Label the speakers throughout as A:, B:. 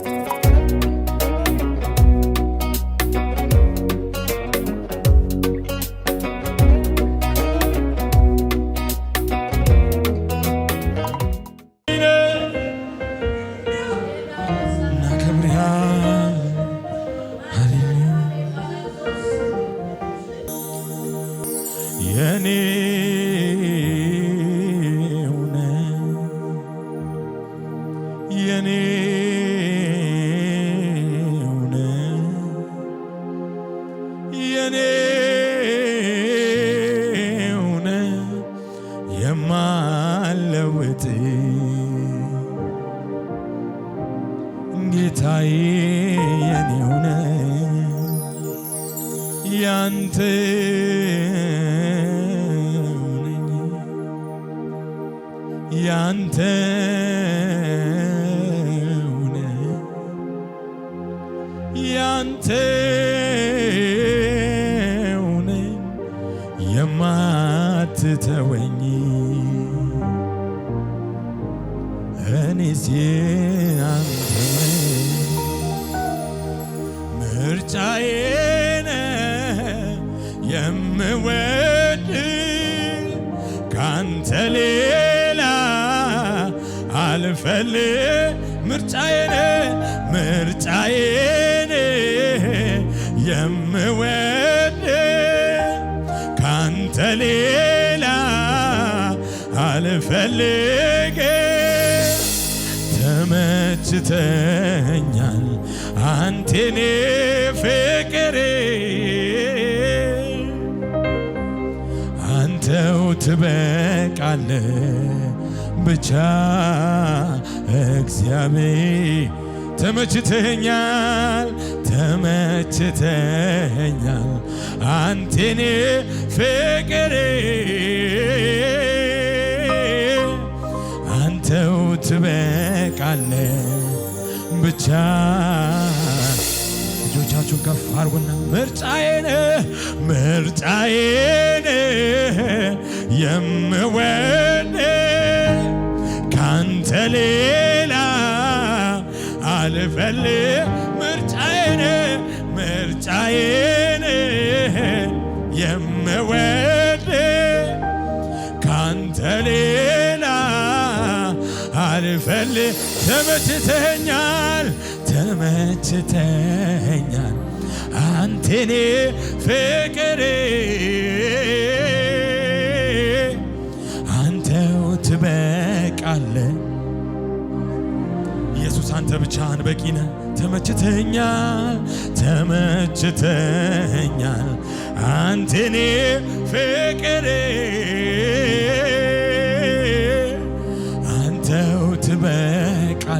A: Thank you. ሆነ የማለውጥ ጌታዬ የኔ ያንተ ያንተ እኔስ ያንተ ምርጫዬ የምወድ ካንተ ሌላ አልፈልግ ምርጫዬ ነህ የምወድ ካንተ ሌላ አልፈልግ ያስደስተኛል አንቴኔ ፍቅሬ አንተው ትበቃለ ብቻ እግዚአብሔር ተመችተኛል ተመችተኛል አንቴኔ ፍቅሬ ትበቃለ ብቻ ልጆቻችሁን ከፍ አርጉና ምርጫዬን ምርጫዬን የምወድ ካንተ ሌላ አልፈልግ ምርጫዬን ምርጫዬን የምወድ ፈል ተመችተኛል ተመችተኛል አንቴኔ ፍቅሬ አንተው ትበቃለ ኢየሱስ አንተ ብቻህን በቂ ነህ። ተመችተኛል ተመችተኛል አንቴኔ ፍቅሬ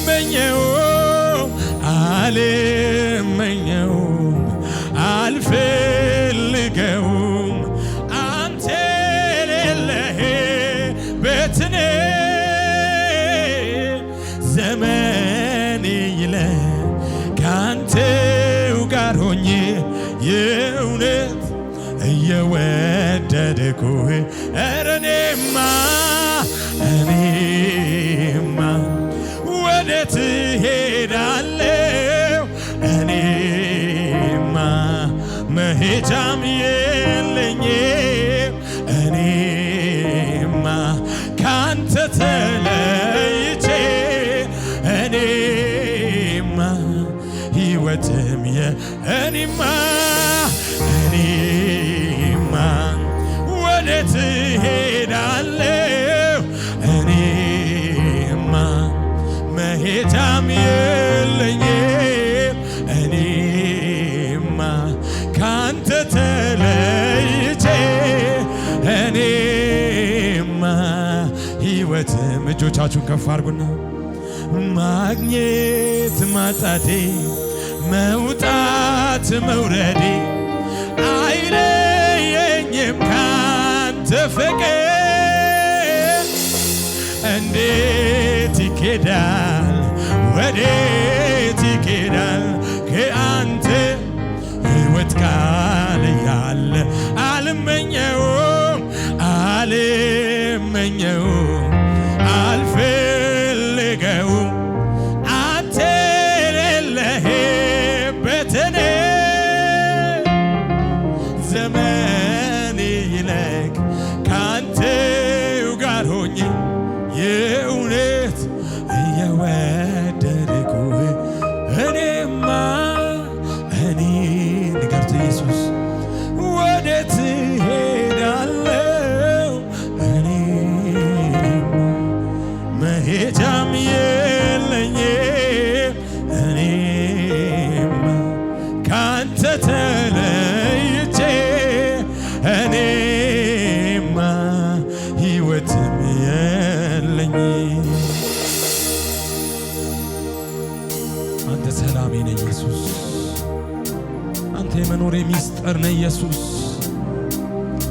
A: አልመኘው አልመኘው አልፈልገውም አንተ ሌለህ በትኔ ዘመኔ ይለ ጋር ሆኜ የእውነት እየወደድኩህ መሄጃም የለኝ እኔማ ካንተ ተለ ሕይወትም እጆቻችሁን ከፍ አድርጉና ማግኘት ማጣቴ፣ መውጣት መውረዴ አይለየኝም ካንተ ፍቅር እንዴት ይኬዳል ወዴት ይኬዳል ከአንተ ሕይወት ቃል ያለ አልመኘውም አል የምመኘው አልፌ የመኖሬ ሚስጥር ነ ኢየሱስ።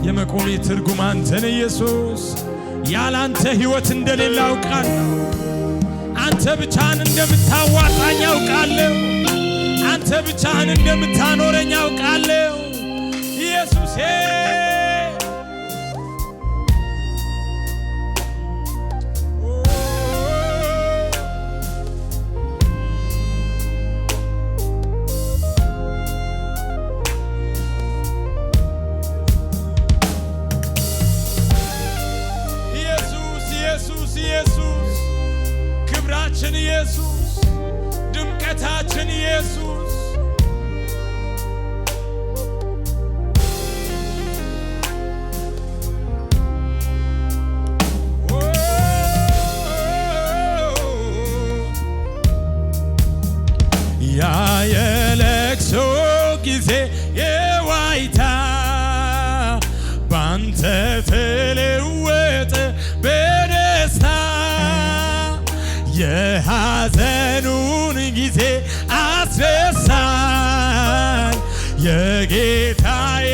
A: የመቆሜ ትርጉም አንተ ነ ኢየሱስ። ያላንተ ህይወት ሕይወት እንደሌለ አውቃለሁ። አንተ ብቻህን እንደምታዋጣኝ አውቃለሁ። አንተ ብቻህን እንደምታኖረኝ አውቃለሁ ኢየሱሴ አንተ በደስታ የሐዘኑን ጊዜ አስረሳል የጌታዬ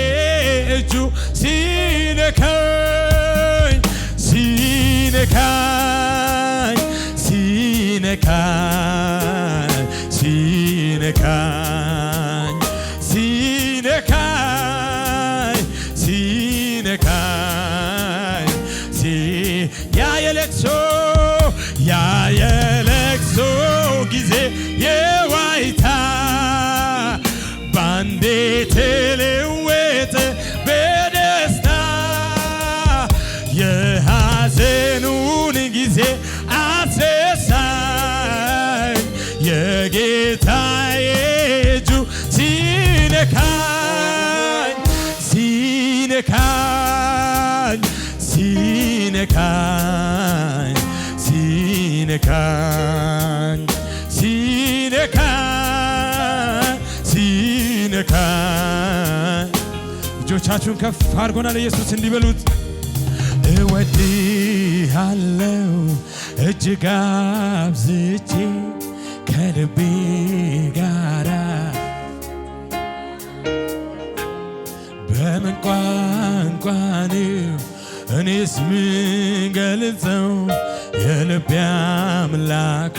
A: እጁ ሲነካኝ ሲነካኝ ሲነካኝ ሲነካኝ pecar. ሲነካኝ ሲነካኝ ሲነካኝ እጆቻችሁን ከፍ አድርጎናል። ኢየሱስ እንዲበሉት እወድሃለሁ እጅግ አብዝቼ ከልቤ ጋራ በምን ቋንቋ እኔስ ምን ገልጸው የልቤ አምላኩ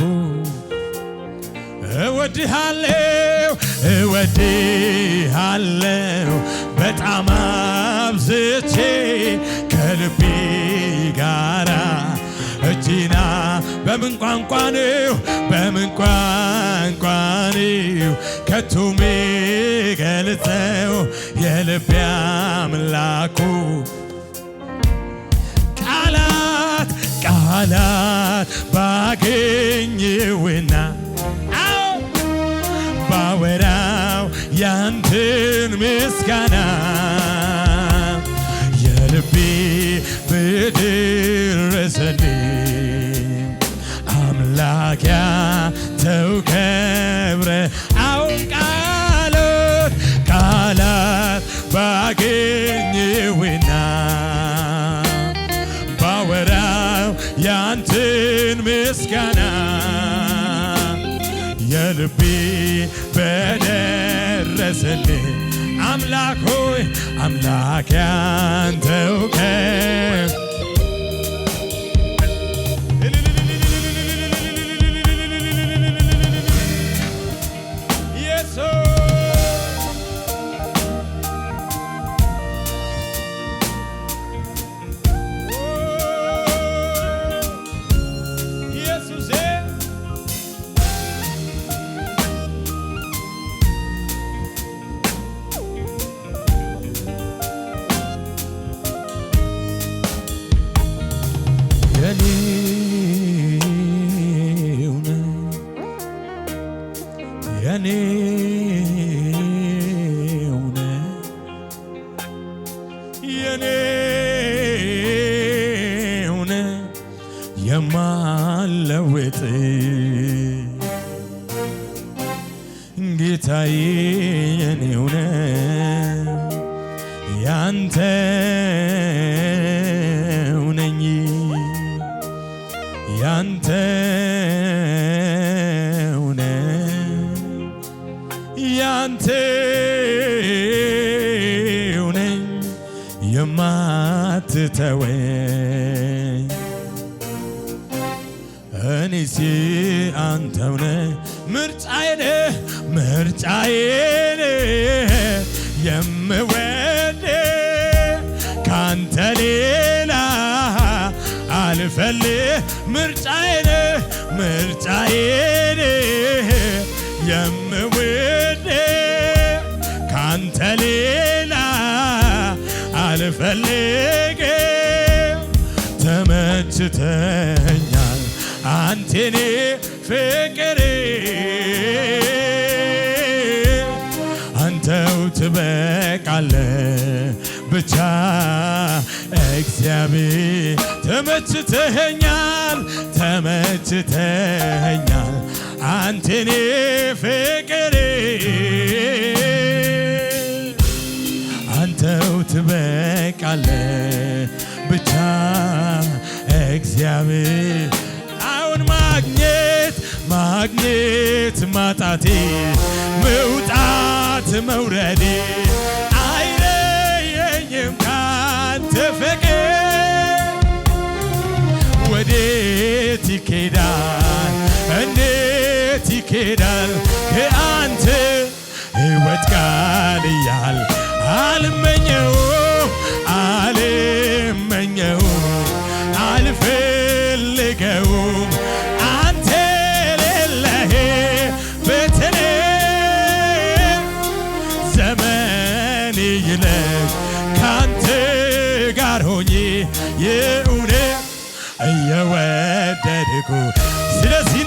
A: እወድሃለው እወድሃለው በጣም አብዝቼ ከልቤ ጋራ እጅና በምን ቋንቋ ነው በምን ቋንቋ ነው ከቶ የሚገልጸው የልቤ አምላኩ ቃላት ባገኘውና አዎ ባወራው ያንተን ምስጋና የልቤ ብድ አድርግልኝ አምላክ ሆይ አምላክ ያንተው የኔውን የማለውጥ ጌታዬ የኔውን ያንተ አትተወኝ እኔሲ አንተውነ ምርጫዬን ምርጫዬን የምወድ ካንተ ሌላ ምርጫዬን ምርጫዬን የኔ ፍቅሬ አንተው ትበቃለ ብቻ እግዚአብሔር ተመችተኸኛል ተመችተኸኛል አንተ የኔ ፍቅሬ አንተው ትበቃለ ብቻ እግዚአብሔር ማግኘት ማጣቴ መውጣት መውረዴ Silas,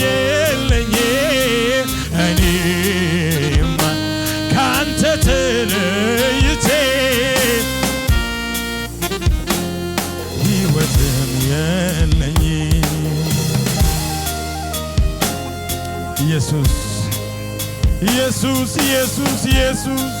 A: የለኝ እኔማ ካንተ ተለይቼ ሕይወትም የለኝ ኢየሱስ ኢየሱስ ኢየሱስ ኢየሱስ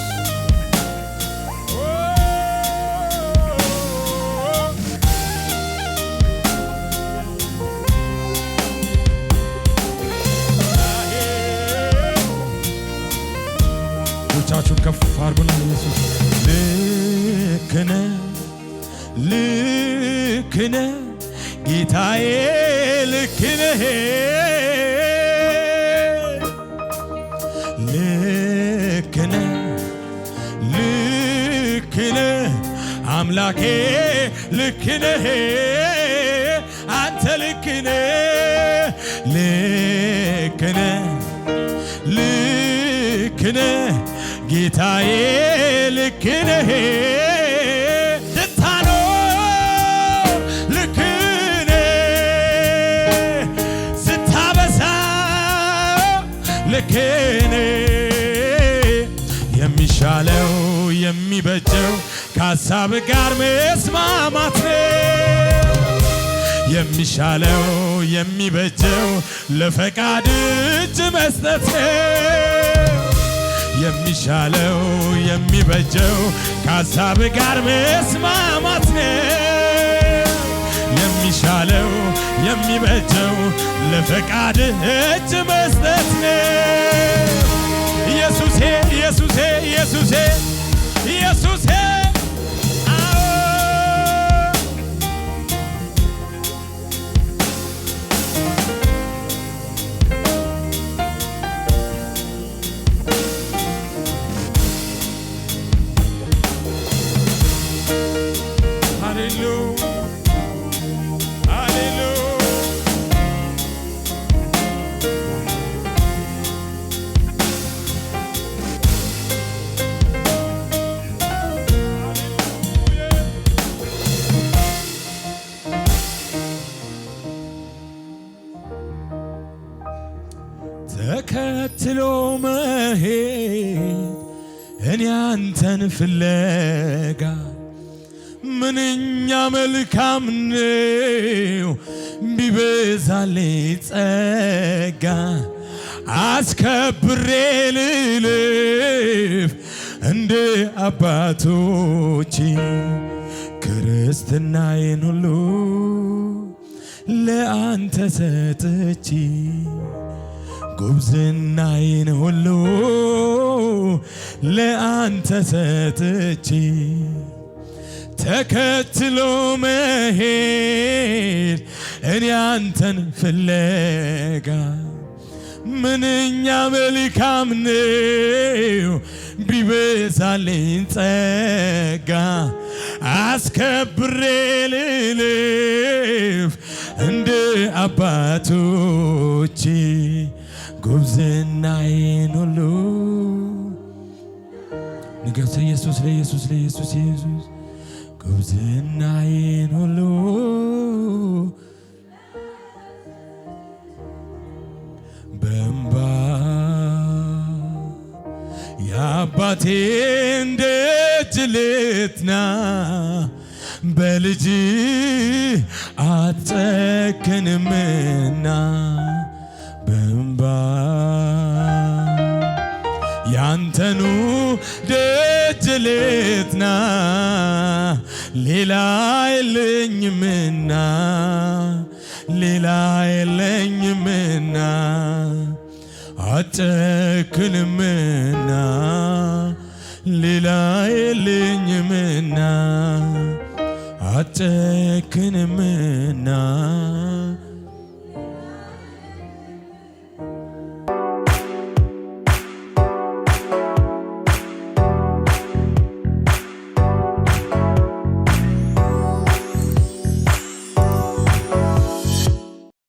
A: አርጉና ኢየሱስ ልክነ ልክነ ጌታዬ ልክነህ ልክነ ልክነ አምላኬ ልክነህ አንተ ልክነ ልክነ ልክነ ጌታዬ ልክ ነህ ስታኖር ልክ ነህ ስታበሳ ልክ ነህ የሚሻለው የሚበጀው ከሀሳብ ጋር መስማማት ነው የሚሻለው የሚበጀው ለፈቃድ እጅ መስጠት ነው የሚሻለው የሚበጀው ከሀሳብ ጋር መስማማት ነው። የሚሻለው የሚበጀው ለፈቃድ እጅ መስጠት ነው። ኢየሱሴ ኢየሱሴ ኢየሱሴ ጥሎ መሄድ እኔ አንተን ፍለጋ ምንኛ መልካም ነው ቢበዛልኝ ጸጋ አስከብሬ ልልፍ እንደ አባቶች ክርስትናዬን ሁሉ ለአንተ ሰጥቼ ጉብዝናዬን ሁሉ ለአንተ ሰጥቼ ተከትሎ መሄድ እኔ አንተን ፍለጋ ምንኛ መልካም ነው ቢበዛልኝ ጸጋ አስከብሬ ልልፍ እንደ አባቶቼ ጉብዝናዬን ሁሉ ንገስ ኢየሱስ ለኢየሱስ ለኢየሱስ ኢየሱስ ጉብዝናዬን ሁሉ በእምባ የአባቴን ደጅ ልትና በልጅ አትጨክንምና አንተኑ ደጅ ልትና ሌላ የለኝምና ሌላ የለኝምና አጨክንምና ሌላ የለኝምና አጨክንምና